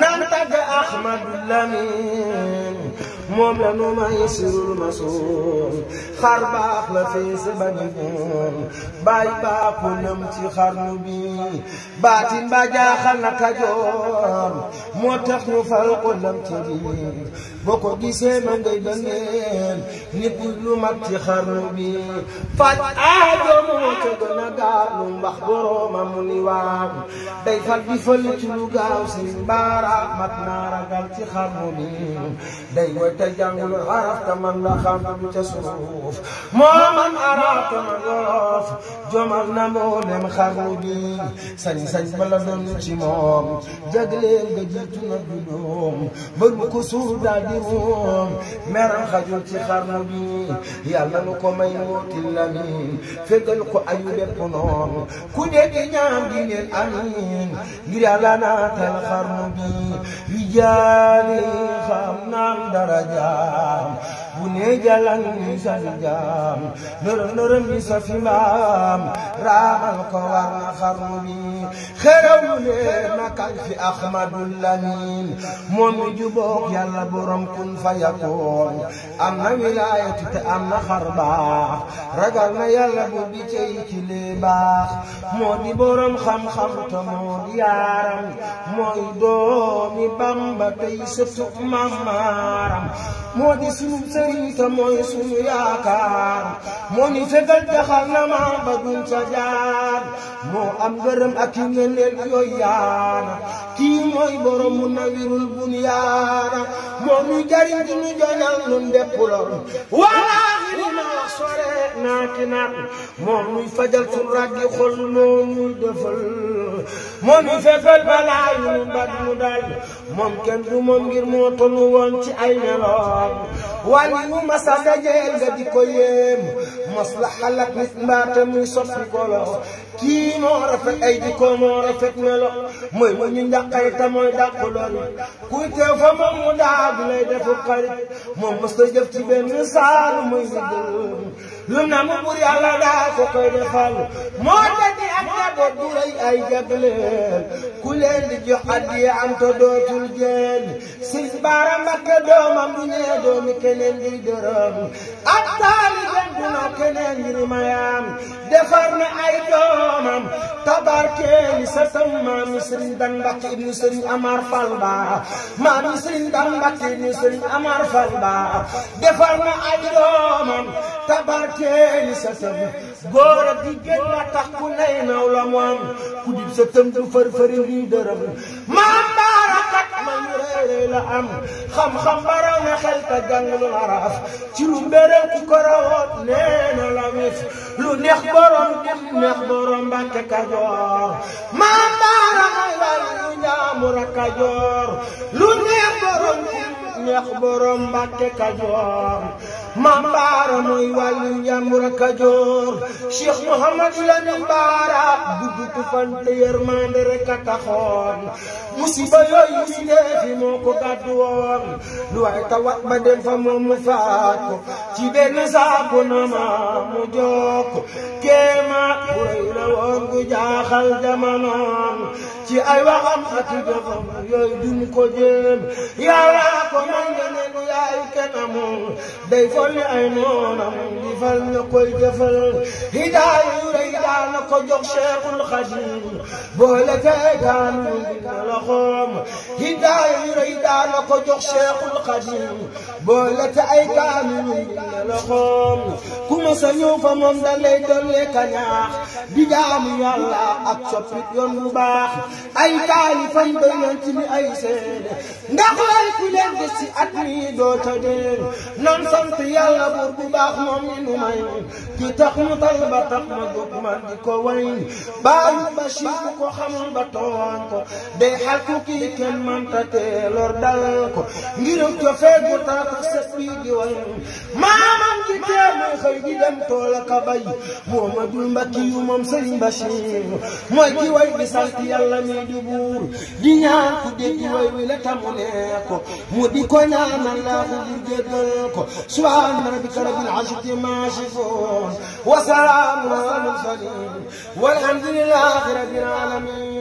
nan tagg Ahmadu Lamin moom la nu may sirul xar baax la fees ba ñu moom baay baax ku lëm ci xarnu bi baatin ba jaaxal na Kajoor moo tax ñu fal ko lëm ci gisee ma ngay dëngeen ni ku lu mag ci xarnu bi faj moo ca gën a gaaw lu wax mu ni waaw day fal di fël ci gaaw si mbaara mat naa ragal ci xarnu bi te jàngul arafta man la xam ca suuf moo man arafta man wolof jomal na mboolem xarnu bi sañ-sañ bala doon ci moom jagleel ga jiitu na judoom bëgg ko suur daal di moom meram xajul ci xarnu bi yàlla nu ko may wootil lamin fegal ko ayu bépp noonu ku dégg ñaam di neen amin ngir yàlla naatal xarnu bi wi jaali xam naan dara jaam bu ne jalan ni saf jaam nërëm nërëm yi safi maam raamal ko war na xarnu bi xeraw leen na kal fi ahmadul lamin moom mi jubook yàlla borom kun fa yakoon am na wilaayatu te am na xar baax ragal na yàlla bu di cey ci lee baax moo di borom xam-xam te moo di yaaram mooy doomi bamba tey sëtu mamaram moo di sunu sëriñ te mooy moo ni fegal jaxal na ma ba duñ ca jaar moo am gërëm ak ki ngëneel yooyu kii mooy borom mu nawirul bun moo ñu jariñ di ñu nun depp lool waa naaki naaq moom muy fajal su raggi xol moo ñuy defal moom muy fefal balaa yu mu mbag mu moom kenn du moom ngir moo tollu woon ci ay meloom wàllu mu masa dajeel nga di ko yéem la xalaat nit mbaa te muy soppi golo kii moo rafet ay jikko moo rafet melo mooy mu ñu njàqay te mooy dàq lool kuy teew fa moom mu daa du lay defu xarit moom mës ci benn saaru muy dëgg lu na mu bur yàlla daa ko koy defal moo tëddi ak jaboot di rey ay jagleel ku leen di jox addiya am te dootul jël si baara Mbakke doomam du ñee doomi keneen di dërëm ak taali gën du na keneen ngir mayaam defar na ay doom maam tabarkeeli sa sam maam yi sëriñ dan Mbàkke ibnu sëriñ Amar Fall ba maam yi sëriñ dan Mbàkke ibnu sëriñ Amar Fall ba defar na ay doomam tabarkeeli sa sam góor ak jigéen la tax ku lay naw la moom ku dib sa tëm du fërfëri lii dërëm maam baarakat man réeré la am xam-xam baraw na xel te jàng lu araaf ci lu mbéréw ku ko rawoot nee na la wif lu neex neex borom Mbàkke Kajoor maam baara may way lu njaamur a Kajoor lu neex borom neex borom Mbàkke Kajoor maam baara mooy wàllu njàmbur ak Kajoor Cheikh Mouhamadou Lamine Baara gudd fan te yërmande rek a taxoon musiba yooyu si fi moo ko gàddu lu waay tawat ba dem fa moom mu faat ci benn saako na mu jokk kéema bu rëy woon gu jaaxal jamonoom ci ay waxam ak jooy duñ ko jéem yàlla ko may ngeen lu yaay kenn amul day folli ay noonam di fal na koy jëfal ko jox Cheikhul Khadim boole teekaan dina la xoom hidaaya yu rëy daana ko jox Cheikhul ay kaamil dina la xoom ku ma sa ñëw fa moom da lay dollee ka ñaax di jaamu yàlla ak soppit yoon bu baax ay taalifam ba yonent mi ay seede ndax lay ku leen gis ci at mi doo ta dee nan sant yàlla buur bu baax moom mi nu may ki way baalu bashir bu ko xamul ba tooñ ko day xalku kii kenn manta tee lor dal ko ngirum cofee gu taata set bii di way maamam ji tee mooy xëy di dem tool ka bay moo ma dul mbakki yu moom sëriñ bashir mooy ki way di sant yàlla mi di di ñaan ku dégg way wi la tamu nee ko mu di ko ñaanal laaxu di jéggal ko subhaana rabbika rabbil izzati ammaa yasifuun wa salaamun alal mursaliin والحمد لله رب العالمين